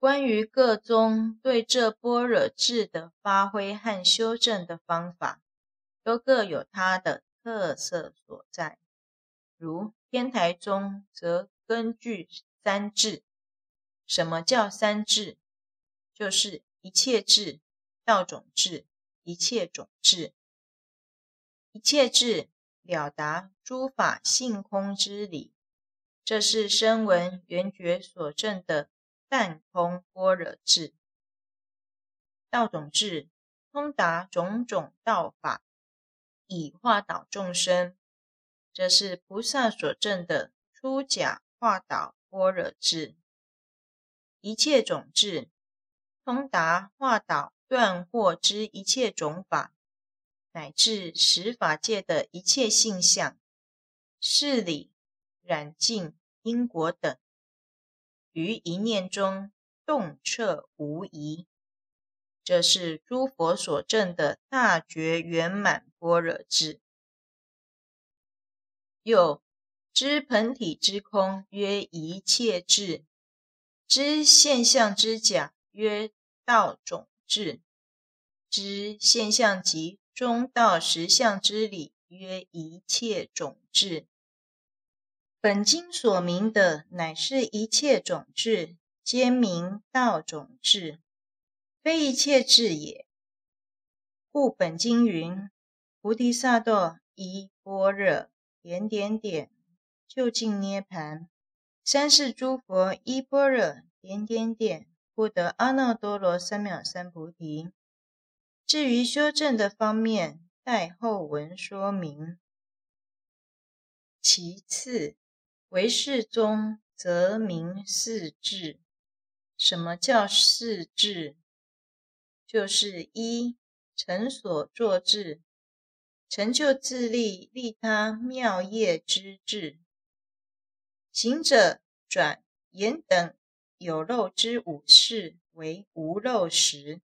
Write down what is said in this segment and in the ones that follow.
關於各宗對這般若智的發揮和修正的方法，都各有它的特色所在。如天台宗則根據三智。什麼叫三智？就是一切智、道種智、一切種智。一切智了達諸法性空之理，這是聲聞緣覺所證的。但空般若智。道種智通達種種道法，以化導眾生，這是菩薩所證的出假化導般若智。一切種智通達化導斷惑之一切種法，乃至十法界的一切性相、事理、染淨、因果等。於一念中洞徹無遺，這是諸佛所證的大覺圓滿般若智。又知本體之空，曰一切智；知現象之假，曰道種智；知現象及中道實相之理，曰一切種智。本經所明的，乃是一切種智，兼明道種智，非一切智也。故本經云：“菩提薩埵依般若點點點，究竟涅盤；三世諸佛依般若點點點，獲得阿耨多羅三藐三菩提。”至於修證的方面，待後文說明。其次。唯識宗則名四智。什麼叫四智？就是一、成所作智，成就自利利他妙業之智。行者轉言等有漏之五識，為無漏時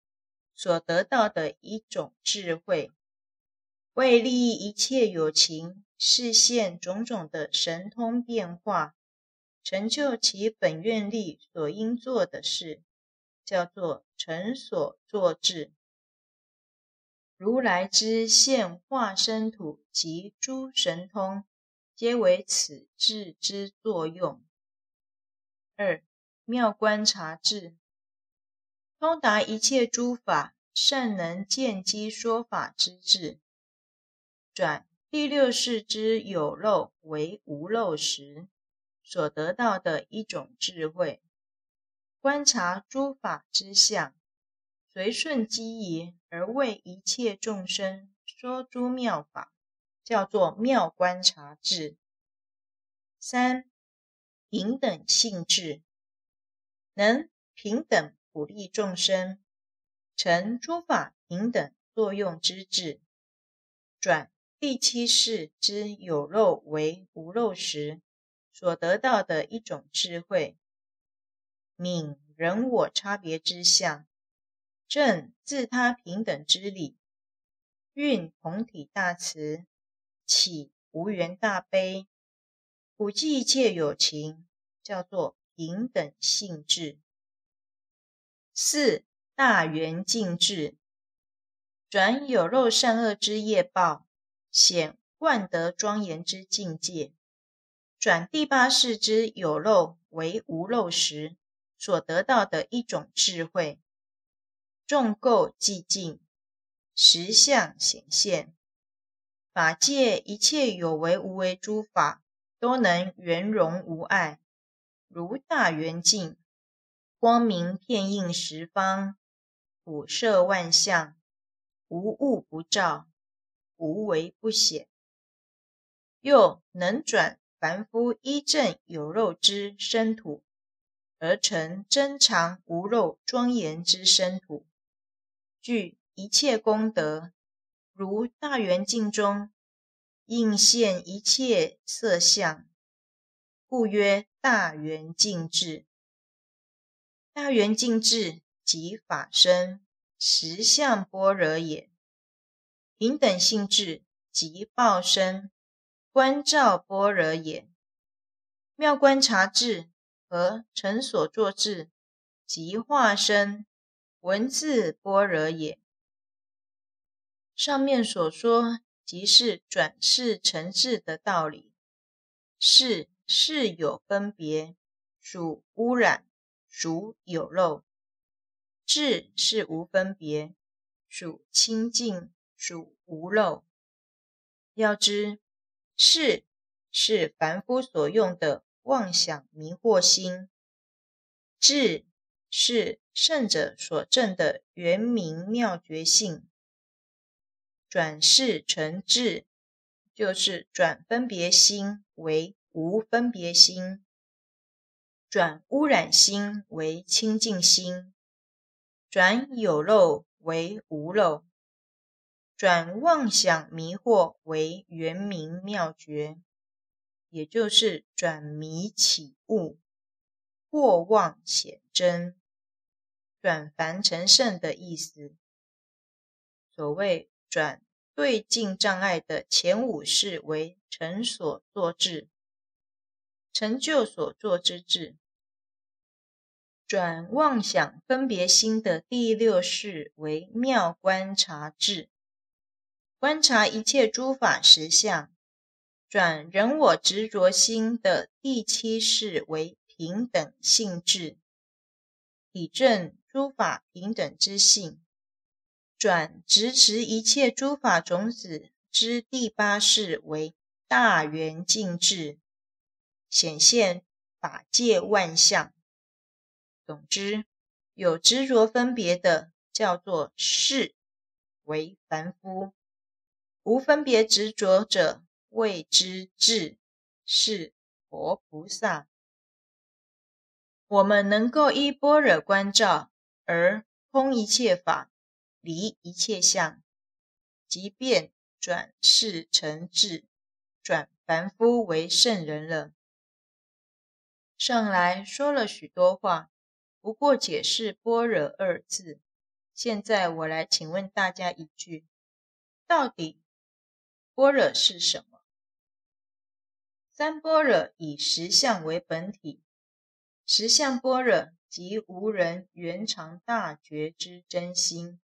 所得到的一種智慧，為利益一切有情。示現種種的神通變化，成就其本願力所應做的事，叫做成所作智。如來之現化身土及諸神通，皆為此智之作用。二、妙觀察智，通達一切諸法，善能見機說法之智，轉。第六識轉有漏為無漏時所得到的一種智慧，觀察諸法之相，隨順機宜而為一切眾生說諸妙法，叫做妙觀察智。三平等性智，能平等普利眾生，成諸法平等作用之智，轉。第七世之有肉為無肉食所得到的一種智慧，泯人我差別之相，證自他平等之理，運同體大慈，起無緣大悲，普及一切有情，叫做平等性智。四、大圓鏡智，轉有肉善惡之業報，顯萬德莊嚴之境界，轉第八識之有漏為無漏時，所得到的一種智慧。眾垢寂盡，實相顯現，法界一切有為無為諸法，都能圓融無礙，如大圓鏡，光明遍映十方，普攝萬象，無物不照。無為不顯，又能轉凡夫依正有漏之身土，而成真常無漏莊嚴之身土，具一切功德，如大圓鏡中應現一切色相，故曰大圓鏡智。大圓鏡智即法身實相般若也。平等性智即報身，觀照般若也；妙觀察智和成所作智即化身，文字般若也。上面所說即是轉識成智的道理。識是有分別，屬污染；屬有漏，智是無分別，屬清淨。屬無漏。要知，識是凡夫所用的妄想迷惑心；智是聖者所證的圓明妙覺性。轉識成智，就是轉分別心為無分別心，轉污染心為清淨心，轉有漏為無漏。轉妄想迷惑為圓明妙覺，也就是轉迷起悟，破妄顯真，轉凡成聖的意思。所謂轉對境障礙的前五識為成所作智，成就所作之智；轉妄想分別心的第六識為妙觀察智。觀察一切諸法實相，轉人我執着心的第七識為平等性智，以證諸法平等之性；轉執持一切諸法種子之第八識為大圓鏡智，顯現法界萬象。總之，有執着分別的，叫做識，為凡夫。無分別執着者，謂之智，是佛菩薩。我們能夠依般若觀照而通一切法，離一切相，即便轉識成智，轉凡夫為聖人了。上來說了許多話，不過解釋般若二字。現在我來請問大家一句：到底？般若是什麼？三般若以實相為本體，實相般若即無人圓常大覺之真心。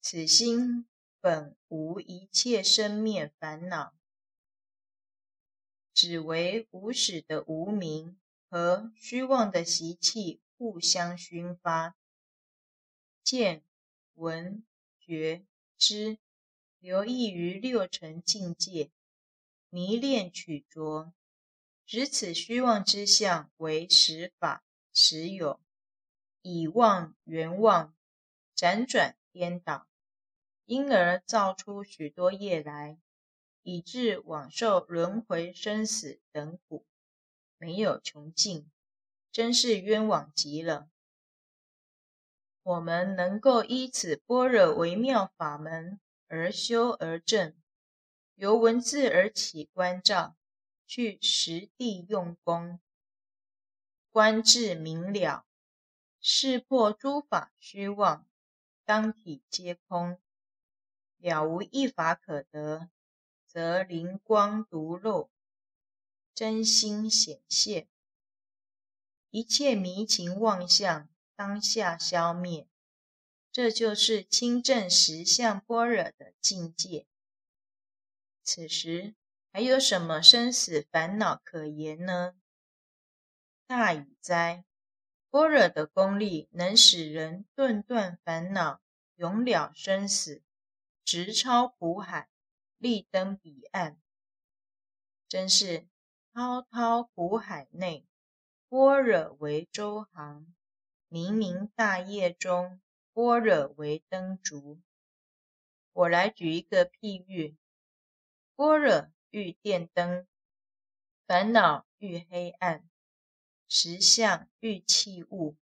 此心本無一切生滅煩惱，只為無始的無明和虛妄的習氣互相熏發，見聞覺知。留意於六塵境界，迷戀取着，執此虛妄之相為實法實有，以妄緣妄，輾轉顛倒，因而造出許多業來，以致枉受輪迴生死等苦，沒有窮盡，真是冤枉極了。我們能夠依此般若微妙法門。而修而正，由文字而起觀照，去實地用功，觀智明了，識破諸法虛妄，當體皆空，了無一法可得，則靈光獨露，真心顯現，一切迷情妄想當下消滅。這就是清淨實相般若的境界。此時還有什麼生死煩惱可言呢？大宇哉！般若的功力能使人頓斷煩惱，永了生死，直超苦海，立登彼岸。真是滔滔苦海內，般若為舟航；冥冥大夜中，般若為燈燭，我來舉一個譬喻：般若喻電燈，煩惱喻黑暗，實相喻器物。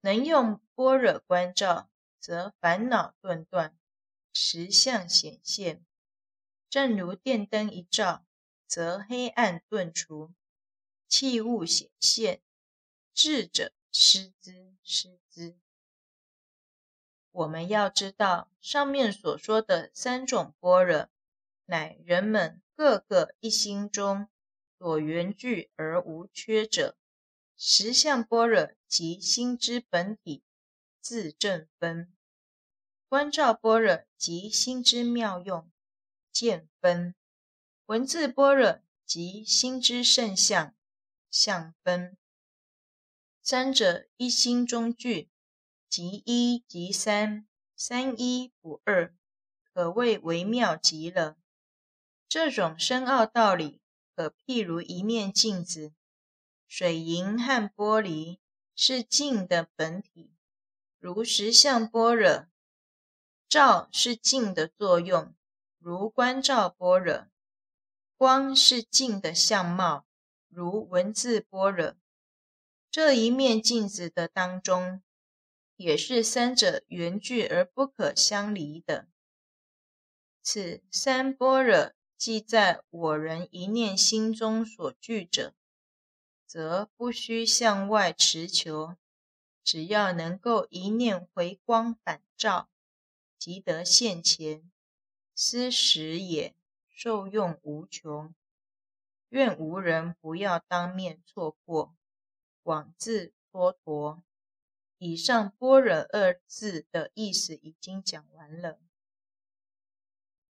能用般若觀照，則煩惱頓斷，實相顯現；正如電燈一照，則黑暗頓除，器物顯現。智者失之，失之。我們要知道，上面所說的三種般若，乃人們各個一心中所原具而無缺者。實相般若即心之本體，自證分；觀照般若即心之妙用，見分；文字般若即心之聖相，相分。三者一心中具。即一即三，三一不二，可謂微妙極了。這種深奧道理，可譬如一面鏡子：水銀和玻璃是鏡的本體，如實相般若；照是鏡的作用，如觀照般若；光是鏡的相貌，如文字般若。這一面鏡子的當中。也是三者原聚而不可相離的。此三般若即在我人一念心中所具者，則不需向外持求，只要能夠一念回光返照，即得現前，斯時也受用無窮。願無人不要當面錯過，枉自蹉跎。以上“般若”二字的意思已經講完了。